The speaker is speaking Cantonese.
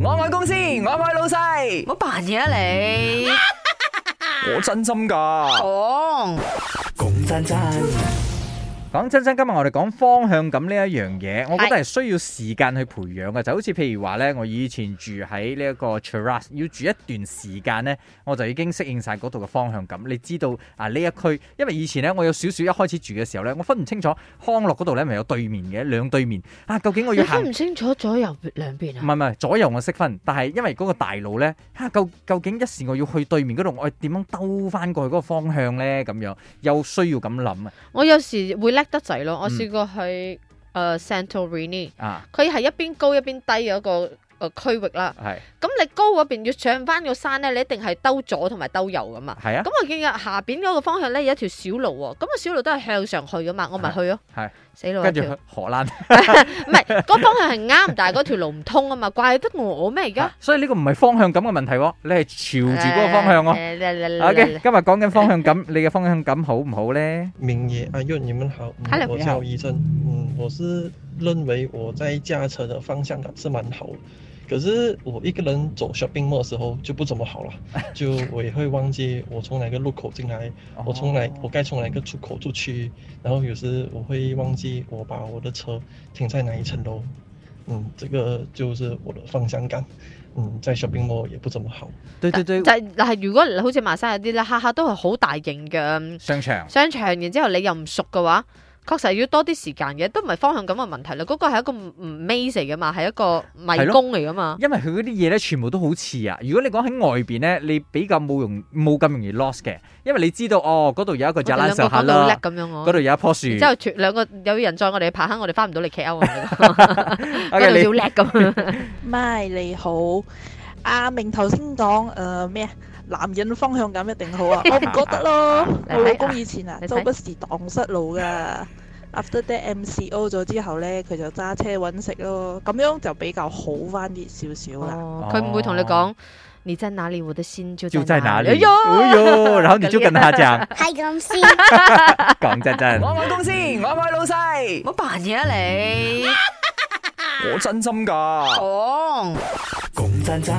我愛公司，我愛老細，冇扮嘢啊你！我真心噶，講講真真。講真真，今日我哋講方向感呢一樣嘢，我覺得係需要時間去培養嘅。是就好似譬如話咧，我以前住喺呢一個 Cheras，要住一段時間咧，我就已經適應晒嗰度嘅方向感。你知道啊呢一區，因為以前咧我有少少一開始住嘅時候咧，我分唔清楚康樂嗰度咧咪有對面嘅兩對面啊？究竟我要行，分唔清楚左右兩邊啊？唔係唔係，左右我識分，但係因為嗰個大路咧，吓、啊，究究竟一時我要去對面嗰度，我點樣兜翻過去嗰個方向咧？咁樣又需要咁諗啊！我有時會。得仔咯！我試過去誒 Santorini，佢係一邊高一邊低嗰個誒，區域啦，咁你高嗰邊要上翻個山咧，你一定係兜左同埋兜右噶嘛。係啊，咁我見下邊嗰個方向咧有一條小路喎，咁啊小路都係向上去噶嘛，我咪去咯。係死路一條，跟住去荷蘭。唔係，嗰個方向係啱，但係嗰條路唔通啊嘛，怪得我咩而家？所以呢個唔係方向感嘅問題，你係朝住嗰個方向。O K，今日講緊方向感，你嘅方向感好唔好咧？明夜啊，歡迎你們好，我叫醫生，嗯，我是。認為我在駕車的方向感是蠻好，可是我一個人走 shopping mall 時候就不怎麼好了，就我也會忘記我從哪個路口進來，我從哪我該從哪個出口出去，然後有時我會忘記我把我的車停在哪一層樓。嗯，這個就是我的方向感，嗯，在 shopping mall 也不怎麼好。對對對，啊、就但、是、係如果好似馬莎有啲啦，下下都係好大型嘅商場，商場，然之後你又唔熟嘅話。確實要多啲時間嘅，都唔係方向感嘅問題啦。嗰個係一個唔 maze 嚟噶嘛，係一個迷宮嚟噶嘛。因為佢嗰啲嘢咧，全部都好似啊。如果你講喺外邊咧，你比較冇容冇咁容易 lost 嘅，因為你知道哦，嗰度有一個 yellow house，嗰度有一棵樹，之後兩個有人在我哋爬坑，我哋翻唔到嚟 check 啊。我哋要叻咁。咪你好，阿明頭先講誒咩啊？男人方向感一定好啊，我唔覺得咯。我老公以前啊，周不時蕩失路噶。After that MCO 咗之後咧，佢就揸車揾食咯，咁樣就比較好翻啲少少啦。佢唔會同你講你在哪裡，我的心就在哪裡。哎呦，然後你就跟他講係咁先，講真真。我汪公司，我汪老細，冇扮嘢啊你。我真心噶。哦，講真真。